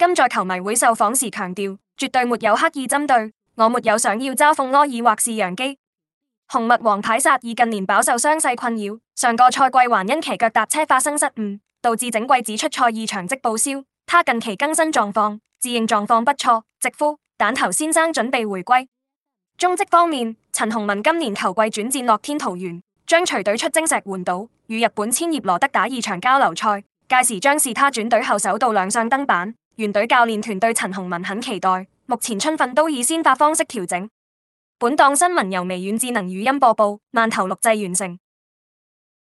今在球迷會受訪時強調，絕對沒有刻意針對，我沒有想要嘲諷阿爾或是楊基。紅襪王牌薩爾近年飽受傷勢困擾，上個賽季還因騎腳踏車發生失誤，導致整季只出賽二場即報銷。他近期更新狀況，自認狀況不錯，直呼蛋頭先生準備回歸。中職方面，陳鴻文今年球季轉戰樂天桃園，將隨隊出征石垣島，與日本千葉羅德打二場交流賽，屆時將是他轉隊後首度亮相登板。原隊教練團隊陳鴻文很期待，目前春訓都以先發方式調整。本檔新聞由微軟智能語音播報，饅頭錄製完成。